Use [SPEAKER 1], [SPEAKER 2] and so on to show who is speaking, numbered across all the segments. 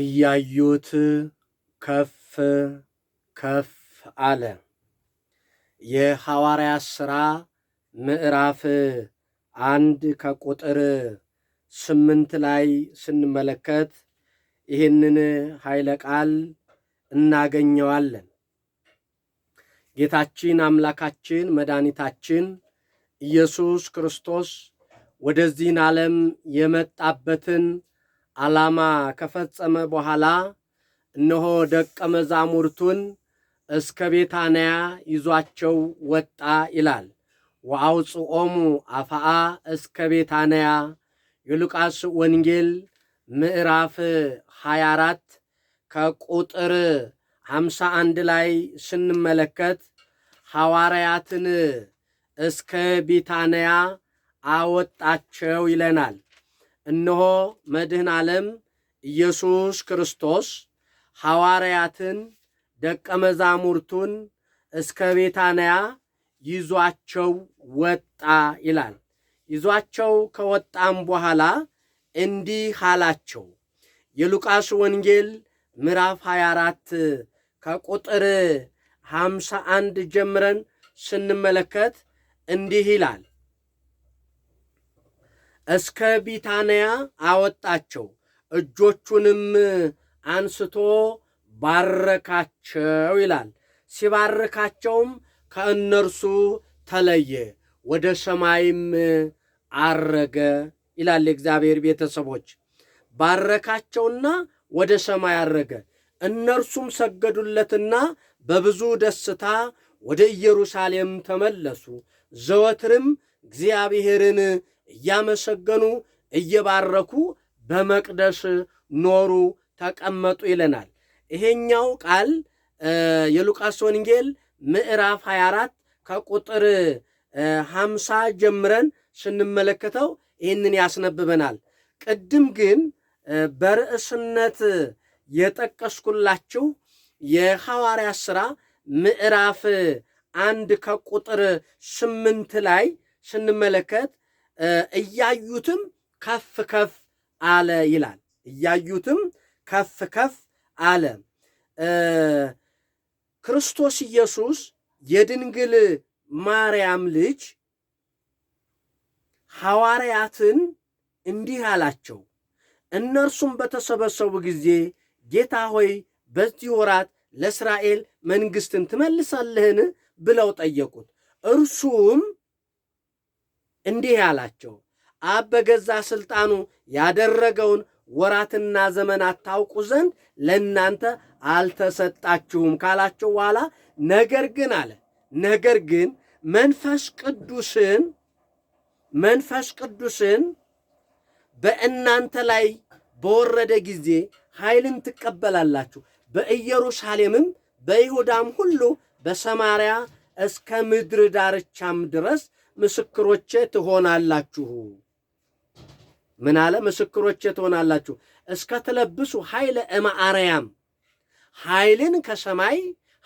[SPEAKER 1] እያዩት ከፍ ከፍ አለ። የሐዋርያ ሥራ ምዕራፍ አንድ ከቁጥር ስምንት ላይ ስንመለከት ይህንን ኃይለ ቃል እናገኘዋለን። ጌታችን አምላካችን መድኃኒታችን ኢየሱስ ክርስቶስ ወደዚህን ዓለም የመጣበትን ዓላማ ከፈጸመ በኋላ እነሆ ደቀ መዛሙርቱን እስከ ቤታንያ ይዟቸው ወጣ ይላል። ወአውጽኦሙ አፍአ እስከ ቤታንያ የሉቃስ ወንጌል ምዕራፍ 24 ከቁጥር 51 ላይ ስንመለከት ሐዋርያትን እስከ ቢታንያ አወጣቸው ይለናል። እነሆ መድህን ዓለም ኢየሱስ ክርስቶስ ሐዋርያትን ደቀ መዛሙርቱን እስከ ቤታንያ ይዟቸው ወጣ ይላል። ይዟቸው ከወጣም በኋላ እንዲህ አላቸው። የሉቃስ ወንጌል ምዕራፍ 24 ከቁጥር 51 ጀምረን ስንመለከት እንዲህ ይላል እስከ ቢታንያ አወጣቸው፣ እጆቹንም አንስቶ ባረካቸው ይላል። ሲባርካቸውም ከእነርሱ ተለየ፣ ወደ ሰማይም አረገ ይላል። የእግዚአብሔር ቤተሰቦች ባረካቸውና ወደ ሰማይ አረገ። እነርሱም ሰገዱለትና በብዙ ደስታ ወደ ኢየሩሳሌም ተመለሱ። ዘወትርም እግዚአብሔርን እያመሰገኑ እየባረኩ በመቅደስ ኖሩ ተቀመጡ ይለናል። ይሄኛው ቃል የሉቃስ ወንጌል ምዕራፍ 24 ከቁጥር 50 ጀምረን ስንመለከተው ይህንን ያስነብበናል። ቅድም ግን በርዕስነት የጠቀስኩላችሁ የሐዋርያ ሥራ ምዕራፍ አንድ ከቁጥር ስምንት ላይ ስንመለከት እያዩትም ከፍ ከፍ አለ ይላል። እያዩትም ከፍ ከፍ አለ። ክርስቶስ ኢየሱስ የድንግል ማርያም ልጅ ሐዋርያትን እንዲህ አላቸው። እነርሱም በተሰበሰቡ ጊዜ ጌታ ሆይ በዚህ ወራት ለእስራኤል መንግሥትን ትመልሳለህን? ብለው ጠየቁት። እርሱም እንዲህ አላቸው፣ አብ በገዛ ሥልጣኑ ያደረገውን ወራትና ዘመናት ታውቁ ዘንድ ለእናንተ አልተሰጣችሁም ካላቸው በኋላ ነገር ግን አለ ነገር ግን መንፈስ ቅዱስን መንፈስ ቅዱስን በእናንተ ላይ በወረደ ጊዜ ኃይልን ትቀበላላችሁ። በኢየሩሳሌምም በይሁዳም ሁሉ በሰማርያ እስከ ምድር ዳርቻም ድረስ ምስክሮቼ ትሆናላችሁ። ምን አለ? ምስክሮቼ ትሆናላችሁ። እስከ ትለብሱ ኃይለ እማአርያም ኃይልን ከሰማይ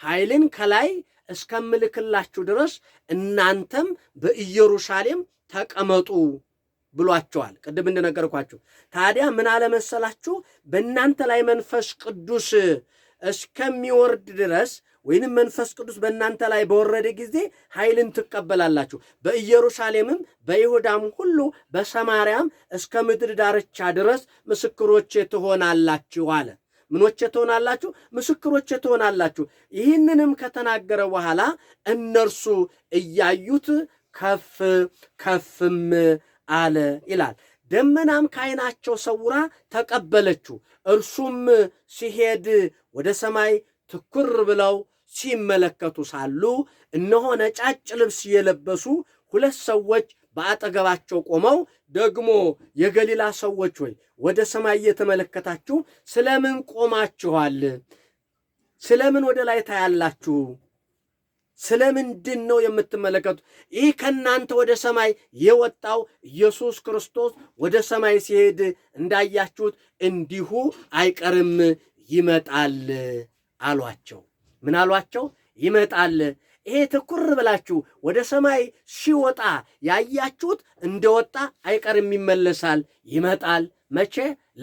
[SPEAKER 1] ኃይልን ከላይ እስከምልክላችሁ ድረስ እናንተም በኢየሩሳሌም ተቀመጡ ብሏቸዋል። ቅድም እንደነገርኳችሁ ታዲያ ምን አለመሰላችሁ በእናንተ ላይ መንፈስ ቅዱስ እስከሚወርድ ድረስ ወይንም መንፈስ ቅዱስ በእናንተ ላይ በወረደ ጊዜ ኃይልን ትቀበላላችሁ። በኢየሩሳሌምም በይሁዳም ሁሉ በሰማርያም እስከ ምድር ዳርቻ ድረስ ምስክሮች ትሆናላችሁ አለ። ምኖች ትሆናላችሁ? ምስክሮች ትሆናላችሁ። ይህንንም ከተናገረ በኋላ እነርሱ እያዩት ከፍ ከፍም አለ ይላል። ደመናም ከዓይናቸው ሰውራ ተቀበለችው። እርሱም ሲሄድ ወደ ሰማይ ትኩር ብለው ሲመለከቱ ሳሉ እነሆ ነጫጭ ልብስ የለበሱ ሁለት ሰዎች በአጠገባቸው ቆመው ደግሞ የገሊላ ሰዎች ሆይ ወደ ሰማይ እየተመለከታችሁ ስለምን ቆማችኋል? ስለምን ወደ ላይ ታያላችሁ? ስለምንድን ነው የምትመለከቱ? ይህ ከእናንተ ወደ ሰማይ የወጣው ኢየሱስ ክርስቶስ ወደ ሰማይ ሲሄድ እንዳያችሁት እንዲሁ አይቀርም ይመጣል አሏቸው። ምን አሏቸው? ይመጣል። ይሄ ትኩር ብላችሁ ወደ ሰማይ ሲወጣ ያያችሁት እንደወጣ አይቀርም፣ ይመለሳል፣ ይመጣል። መቼ?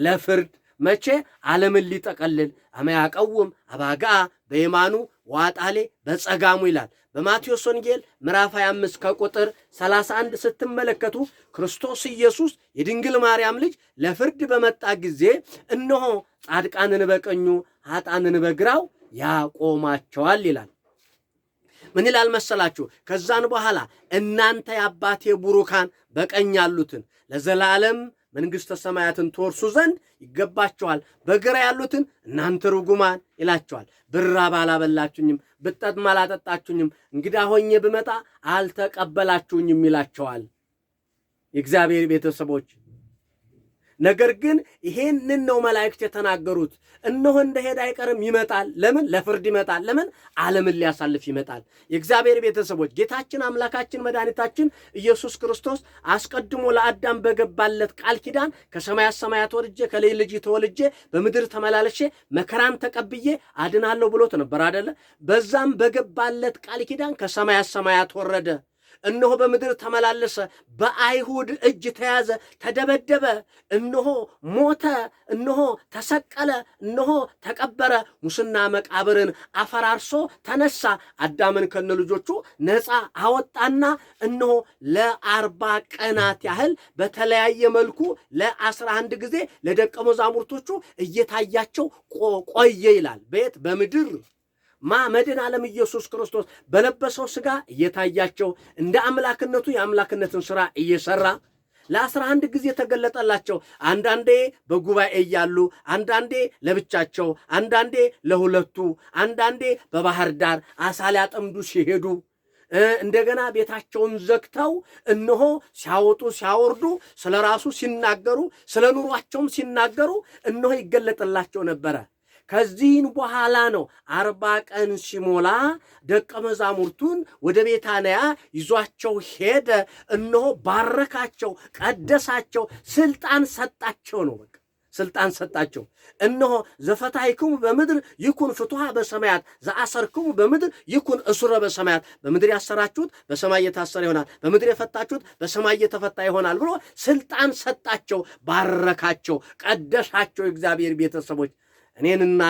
[SPEAKER 1] ለፍርድ መቼ? ዓለምን ሊጠቀልል አመያቀውም አባጋ በየማኑ ዋጣሌ በጸጋሙ ይላል። በማቴዎስ ወንጌል ምዕራፍ 25 ከቁጥር 31 ስትመለከቱ ክርስቶስ ኢየሱስ የድንግል ማርያም ልጅ ለፍርድ በመጣ ጊዜ እነሆ ጻድቃንን በቀኙ ኃጣንን በግራው ያቆማቸዋል ይላል። ምን ይላል መሰላችሁ? ከዛን በኋላ እናንተ የአባቴ ቡሩካን በቀኝ ያሉትን ለዘላለም መንግሥተ ሰማያትን ትወርሱ ዘንድ ይገባችኋል፣ በግራ ያሉትን እናንተ ርጉማን ይላቸዋል። ብራብ አላበላችሁኝም፣ ብጠጥም አላጠጣችሁኝም፣ እንግዳ ሆኜ ብመጣ አልተቀበላችሁኝም ይላቸዋል የእግዚአብሔር ቤተሰቦች ነገር ግን ይሄንን ነው መላእክት የተናገሩት። እነሆ እንደሄደ አይቀርም ይመጣል። ለምን? ለፍርድ ይመጣል። ለምን? ዓለምን ሊያሳልፍ ይመጣል። የእግዚአብሔር ቤተሰቦች ጌታችን አምላካችን መድኃኒታችን ኢየሱስ ክርስቶስ አስቀድሞ ለአዳም በገባለት ቃል ኪዳን ከሰማያት ሰማያት ወርጄ ከልጅ ልጅ ተወልጄ በምድር ተመላለሼ መከራን ተቀብዬ አድናለሁ ብሎት ነበር አደለ? በዛም በገባለት ቃል ኪዳን ከሰማያት ሰማያት ወረደ። እነሆ በምድር ተመላለሰ፣ በአይሁድ እጅ ተያዘ፣ ተደበደበ፣ እነሆ ሞተ፣ እነሆ ተሰቀለ፣ እነሆ ተቀበረ፣ ሙስና መቃብርን አፈራርሶ ተነሳ፣ አዳምን ከነ ልጆቹ ነፃ አወጣና እነሆ ለአርባ ቀናት ያህል በተለያየ መልኩ ለአስራ አንድ ጊዜ ለደቀ መዛሙርቶቹ እየታያቸው ቆየ ይላል። በየት በምድር ማ መድን ዓለም ኢየሱስ ክርስቶስ በለበሰው ሥጋ እየታያቸው እንደ አምላክነቱ የአምላክነትን ሥራ እየሠራ ለአስራ አንድ ጊዜ ተገለጠላቸው። አንዳንዴ በጉባኤ እያሉ፣ አንዳንዴ ለብቻቸው፣ አንዳንዴ ለሁለቱ፣ አንዳንዴ በባህር ዳር አሳ ሊያጠምዱ ሲሄዱ እንደገና ቤታቸውን ዘግተው እነሆ ሲያወጡ ሲያወርዱ ስለ ራሱ ሲናገሩ ስለ ኑሯቸውም ሲናገሩ እነሆ ይገለጥላቸው ነበረ። ከዚህን በኋላ ነው አርባ ቀን ሲሞላ ደቀ መዛሙርቱን ወደ ቤታንያ ይዟቸው ሄደ። እነሆ ባረካቸው፣ ቀደሳቸው፣ ስልጣን ሰጣቸው ነው በቃ ስልጣን ሰጣቸው። እነሆ ዘፈታይክሙ በምድር ይኩን ፍትሐ በሰማያት ዘአሰርክሙ በምድር ይኩን እስረ በሰማያት፣ በምድር ያሰራችሁት በሰማይ እየታሰረ ይሆናል፣ በምድር የፈታችሁት በሰማይ እየተፈታ ይሆናል ብሎ ስልጣን ሰጣቸው፣ ባረካቸው፣ ቀደሳቸው። እግዚአብሔር ቤተሰቦች እኔንና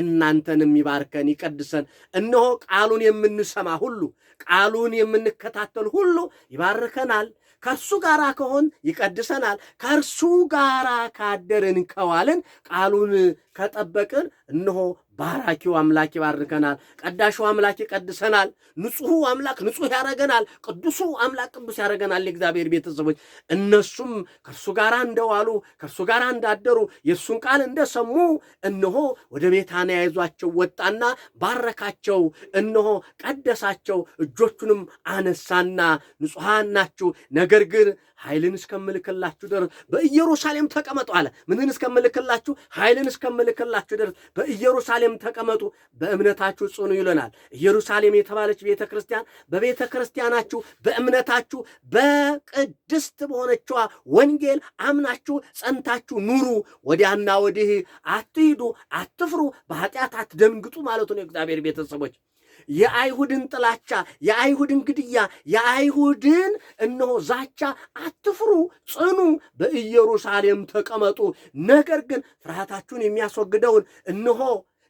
[SPEAKER 1] እናንተን የሚባርከን ይቀድሰን። እነሆ ቃሉን የምንሰማ ሁሉ ቃሉን የምንከታተል ሁሉ ይባርከናል። ከእርሱ ጋር ከሆን ይቀድሰናል። ከእርሱ ጋር ካደርን ከዋልን ቃሉን ከጠበቅን እነሆ ባራኪው አምላክ ይባርከናል። ቀዳሹ አምላክ ይቀድሰናል። ንጹሑ አምላክ ንጹሕ ያደረገናል። ቅዱሱ አምላክ ቅዱስ ያደረገናል። የእግዚአብሔር ቤተሰቦች እነሱም ከእርሱ ጋር እንደዋሉ ከእርሱ ጋር እንዳደሩ የሱን ቃል እንደሰሙ እነሆ ወደ ቤታንያ ይዟቸው ወጣና ባረካቸው፣ እነሆ ቀደሳቸው፣ እጆቹንም አነሳና ንጹሐን ናችሁ፣ ነገር ግን ኃይልን እስከምልክላችሁ ድረስ በኢየሩሳሌም ተቀመጡ አለ። ምንን እስከምልክላችሁ? ኃይልን እስከምልክላችሁ ድረስ በኢየሩሳሌም በእምነትም ተቀመጡ፣ በእምነታችሁ ጽኑ ይለናል። ኢየሩሳሌም የተባለች ቤተ ክርስቲያን በቤተ ክርስቲያናችሁ በእምነታችሁ በቅድስት በሆነችዋ ወንጌል አምናችሁ ጸንታችሁ ኑሩ፣ ወዲያና ወዲህ አትሂዱ፣ አትፍሩ፣ በኃጢአት አትደንግጡ ማለት ነው። የእግዚአብሔር ቤተሰቦች የአይሁድን ጥላቻ፣ የአይሁድን ግድያ፣ የአይሁድን እነሆ ዛቻ አትፍሩ፣ ጽኑ፣ በኢየሩሳሌም ተቀመጡ። ነገር ግን ፍርሃታችሁን የሚያስወግደውን እነሆ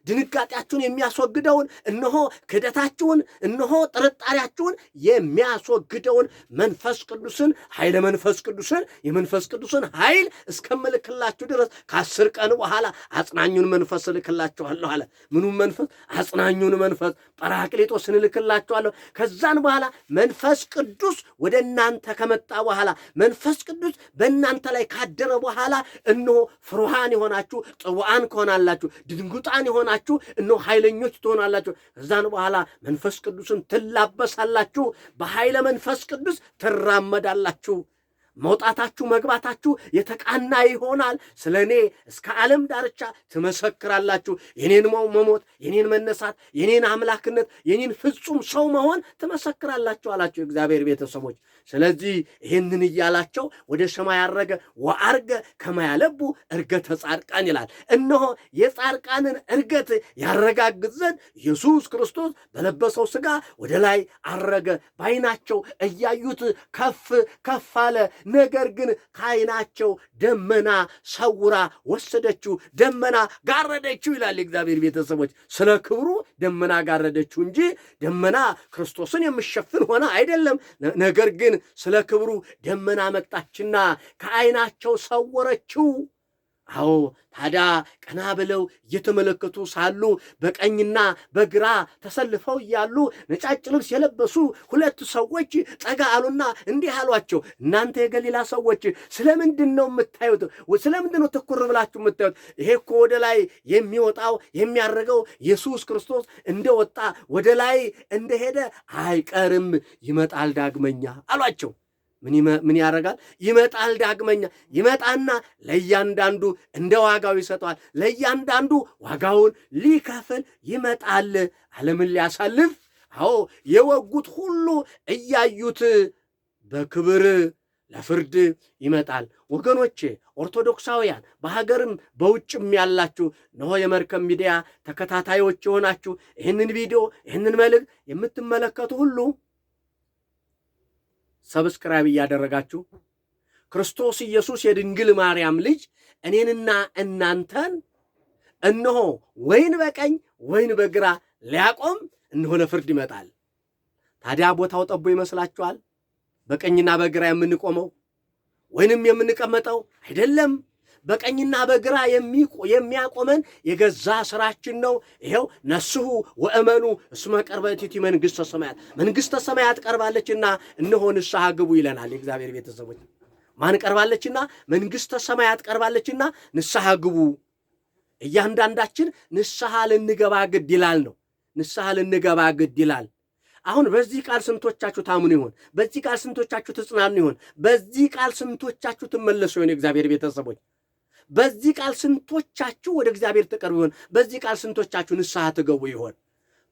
[SPEAKER 1] ድንጋጤያችሁን የሚያስወግደውን እነሆ ክደታችሁን እነሆ ጥርጣሬያችሁን የሚያስወግደውን መንፈስ ቅዱስን ኃይለ መንፈስ ቅዱስን የመንፈስ ቅዱስን ኃይል እስከምልክላችሁ ድረስ ከአስር ቀን በኋላ አጽናኙን መንፈስ እልክላችኋለሁ አለ። ምኑም መንፈስ? አጽናኙን መንፈስ ጰራቅሊጦስን እልክላችኋለሁ። ከዛን በኋላ መንፈስ ቅዱስ ወደ እናንተ ከመጣ በኋላ መንፈስ ቅዱስ በእናንተ ላይ ካደረ በኋላ እነሆ ፍሩሃን የሆናችሁ ጽዋዓን ከሆናላችሁ ድንጉጣን የሆና ሆናችሁ እነሆ ኃይለኞች ትሆናላችሁ። ከዛን በኋላ መንፈስ ቅዱስን ትላበሳላችሁ፣ በኃይለ መንፈስ ቅዱስ ትራመዳላችሁ። መውጣታችሁ መግባታችሁ የተቃና ይሆናል። ስለ እኔ እስከ ዓለም ዳርቻ ትመሰክራላችሁ። የኔን መሞት፣ የኔን መነሳት፣ የኔን አምላክነት፣ የኔን ፍጹም ሰው መሆን ትመሰክራላችሁ አላቸው እግዚአብሔር ቤተሰቦች። ስለዚህ ይህንን እያላቸው ወደ ሰማይ አረገ። ወአርገ ከማያለቡ እርገተ ጻድቃን ይላል። እነሆ የጻድቃንን እርገት ያረጋግጥ ዘንድ ኢየሱስ ክርስቶስ በለበሰው ሥጋ ወደ ላይ አረገ። ባይናቸው እያዩት ከፍ ከፍ አለ። ነገር ግን ከዓይናቸው ደመና ሰውራ ወሰደችው፣ ደመና ጋረደችው ይላል የእግዚአብሔር ቤተሰቦች። ስለ ክብሩ ደመና ጋረደችው እንጂ ደመና ክርስቶስን የምሸፍን ሆነ አይደለም። ነገር ግን ስለ ክብሩ ደመና መጣችና ከዓይናቸው ሰወረችው። አዎ ታዲያ ቀና ብለው እየተመለከቱ ሳሉ በቀኝና በግራ ተሰልፈው እያሉ ነጫጭ ልብስ የለበሱ ሁለት ሰዎች ጠጋ አሉና እንዲህ አሏቸው፣ እናንተ የገሊላ ሰዎች ስለምንድን ነው የምታዩት? ስለምንድን ነው ትኩር ብላችሁ የምታዩት? ይሄ እኮ ወደ ላይ የሚወጣው የሚያደርገው ኢየሱስ ክርስቶስ እንደወጣ ወደ ላይ እንደሄደ አይቀርም፣ ይመጣል ዳግመኛ አሏቸው። ምን ያደርጋል? ይመጣል። ዳግመኛ ይመጣና ለእያንዳንዱ እንደ ዋጋው ይሰጠዋል። ለእያንዳንዱ ዋጋውን ሊከፍል ይመጣል። ዓለምን ሊያሳልፍ አዎ፣ የወጉት ሁሉ እያዩት በክብር ለፍርድ ይመጣል። ወገኖቼ ኦርቶዶክሳውያን፣ በሀገርም በውጭም ያላችሁ እነሆ የመርከብ ሚዲያ ተከታታዮች የሆናችሁ ይህንን ቪዲዮ ይህንን መልእክት የምትመለከቱ ሁሉ ሰብስክራይብ እያደረጋችሁ ክርስቶስ ኢየሱስ የድንግል ማርያም ልጅ እኔንና እናንተን እነሆ ወይን በቀኝ ወይን በግራ ሊያቆም እነሆ ለፍርድ ይመጣል። ታዲያ ቦታው ጠቦ ይመስላችኋል? በቀኝና በግራ የምንቆመው ወይንም የምንቀመጠው አይደለም። በቀኝና በግራ የሚያቆመን የገዛ ስራችን ነው። ይኸው ነስሁ ወእመኑ እስመ ቀርበቲቲ መንግሥተ ሰማያት፣ መንግሥተ ሰማያት ቀርባለችና እንሆ ንስሐ ግቡ ይለናል የእግዚአብሔር ቤተሰቦች። ማን ቀርባለችና? መንግሥተ ሰማያት ቀርባለችና ንስሐ ግቡ። እያንዳንዳችን ንስሐ ልንገባ ግድ ይላል ነው። ንስሐ ልንገባ ግድ ይላል። አሁን በዚህ ቃል ስንቶቻችሁ ታምኑ ይሆን? በዚህ ቃል ስንቶቻችሁ ትጽናኑ ይሆን? በዚህ ቃል ስንቶቻችሁ ትመለሱ ይሆን? የእግዚአብሔር ቤተሰቦች በዚህ ቃል ስንቶቻችሁ ወደ እግዚአብሔር ተቀርቡ ይሆን? በዚህ ቃል ስንቶቻችሁ ንስሐ ትገቡ ይሆን?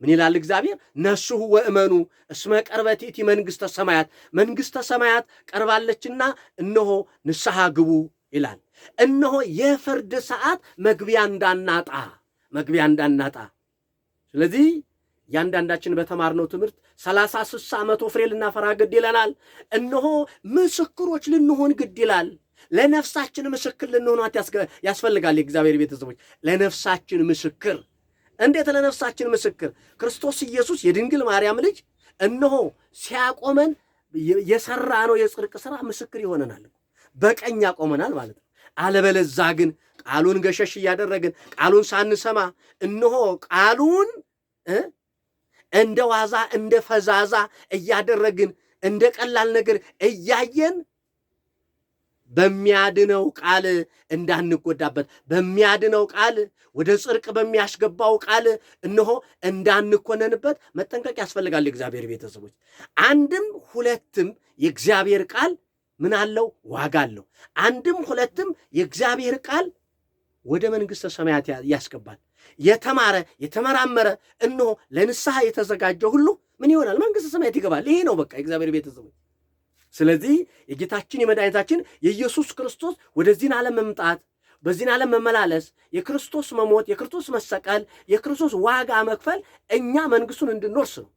[SPEAKER 1] ምን ይላል እግዚአብሔር? ነስሑ ወእመኑ እስመ ቀርበት ይእቲ መንግሥተ ሰማያት፣ መንግሥተ ሰማያት ቀርባለችና እነሆ ንስሐ ግቡ ይላል። እነሆ የፍርድ ሰዓት መግቢያ እንዳናጣ መግቢያ እንዳናጣ። ስለዚህ እያንዳንዳችን በተማርነው ትምህርት ሰላሳ ስሳ መቶ ፍሬ ልናፈራ ግድ ይለናል። እነሆ ምስክሮች ልንሆን ግድ ይላል። ለነፍሳችን ምስክር ልንሆናት ያስፈልጋል። የእግዚአብሔር ቤተሰቦች ለነፍሳችን ምስክር እንዴት? ለነፍሳችን ምስክር ክርስቶስ ኢየሱስ የድንግል ማርያም ልጅ እነሆ ሲያቆመን የሰራ ነው የጽድቅ ስራ ምስክር ይሆነናል። በቀኝ ያቆመናል ማለት ነው። አለበለዛ ግን ቃሉን ገሸሽ እያደረግን ቃሉን ሳንሰማ እነሆ ቃሉን እንደ ዋዛ እንደ ፈዛዛ እያደረግን እንደ ቀላል ነገር እያየን በሚያድነው ቃል እንዳንጎዳበት በሚያድነው ቃል ወደ ጽርቅ በሚያስገባው ቃል እነሆ እንዳንኮነንበት መጠንቀቅ ያስፈልጋል። የእግዚአብሔር ቤተሰቦች አንድም ሁለትም የእግዚአብሔር ቃል ምን አለው? ዋጋ አለው። አንድም ሁለትም የእግዚአብሔር ቃል ወደ መንግሥተ ሰማያት ያስገባል። የተማረ የተመራመረ እነሆ ለንስሐ የተዘጋጀ ሁሉ ምን ይሆናል? መንግሥተ ሰማያት ይገባል። ይሄ ነው በቃ የእግዚአብሔር ቤተሰቦች ስለዚህ የጌታችን የመድኃኒታችን የኢየሱስ ክርስቶስ ወደዚህን ዓለም መምጣት በዚህን ዓለም መመላለስ የክርስቶስ መሞት የክርስቶስ መሰቀል የክርስቶስ ዋጋ መክፈል እኛ መንግስቱን እንድንወርስ ነው።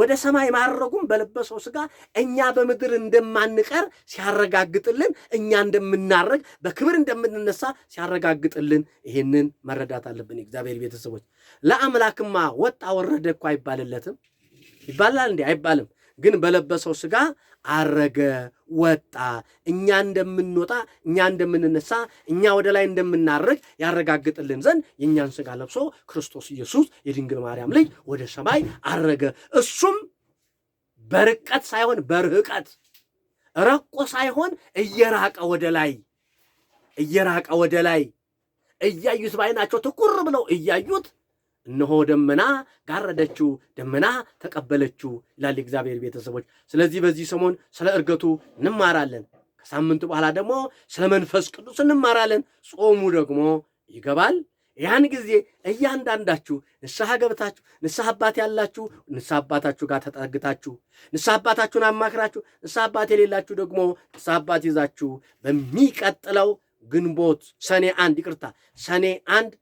[SPEAKER 1] ወደ ሰማይ ማረጉም በለበሰው ስጋ እኛ በምድር እንደማንቀር ሲያረጋግጥልን፣ እኛ እንደምናረግ በክብር እንደምንነሳ ሲያረጋግጥልን ይህንን መረዳት አለብን። እግዚአብሔር ቤተሰቦች ለአምላክማ ወጣ ወረደ እኮ አይባልለትም። ይባላል እንዴ? አይባልም። ግን በለበሰው ስጋ አረገ፣ ወጣ። እኛ እንደምንወጣ፣ እኛ እንደምንነሳ፣ እኛ ወደ ላይ እንደምናረግ ያረጋግጥልን ዘንድ የእኛን ስጋ ለብሶ ክርስቶስ ኢየሱስ የድንግል ማርያም ልጅ ወደ ሰማይ አረገ። እሱም በርቀት ሳይሆን በርህቀት ረቆ ሳይሆን እየራቀ ወደ ላይ እየራቀ ወደ ላይ እያዩት በዓይናቸው ትኩር ብለው እያዩት እነሆ ደመና ጋረደችው፣ ደመና ተቀበለችው ይላል እግዚአብሔር። ቤተሰቦች። ስለዚህ በዚህ ሰሞን ስለ እርገቱ እንማራለን። ከሳምንቱ በኋላ ደግሞ ስለ መንፈስ ቅዱስ እንማራለን። ጾሙ ደግሞ ይገባል። ያን ጊዜ እያንዳንዳችሁ ንስሐ ገብታችሁ ንስሐ አባት ያላችሁ ንስሐ አባታችሁ ጋር ተጠግታችሁ ንስሐ አባታችሁን አማክራችሁ ንስሐ አባት የሌላችሁ ደግሞ ንስሐ አባት ይዛችሁ በሚቀጥለው ግንቦት ሰኔ አንድ ይቅርታ ሰኔ አንድ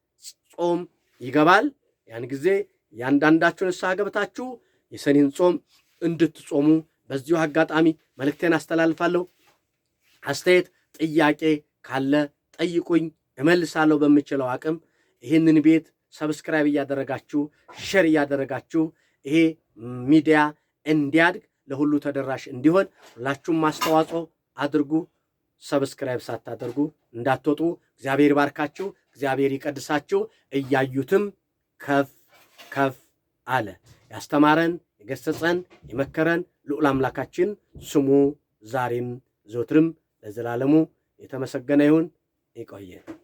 [SPEAKER 1] ጾም ይገባል። ያን ጊዜ ያንዳንዳችሁን ንስሐ ገብታችሁ የሰኔን ጾም እንድትጾሙ በዚሁ አጋጣሚ መልእክቴን አስተላልፋለሁ። አስተያየት፣ ጥያቄ ካለ ጠይቁኝ፣ እመልሳለሁ በምችለው አቅም። ይህንን ቤት ሰብስክራይብ እያደረጋችሁ ሸር እያደረጋችሁ ይሄ ሚዲያ እንዲያድግ ለሁሉ ተደራሽ እንዲሆን ሁላችሁም አስተዋጽኦ አድርጉ። ሰብስክራይብ ሳታደርጉ እንዳትወጡ። እግዚአብሔር ይባርካችሁ፣ እግዚአብሔር ይቀድሳችሁ። እያዩትም ከፍ ከፍ አለ። ያስተማረን፣ የገሰጸን፣ የመከረን ልዑል አምላካችን ስሙ ዛሬም ዘወትርም ለዘላለሙ የተመሰገነ ይሁን። ይቆየን።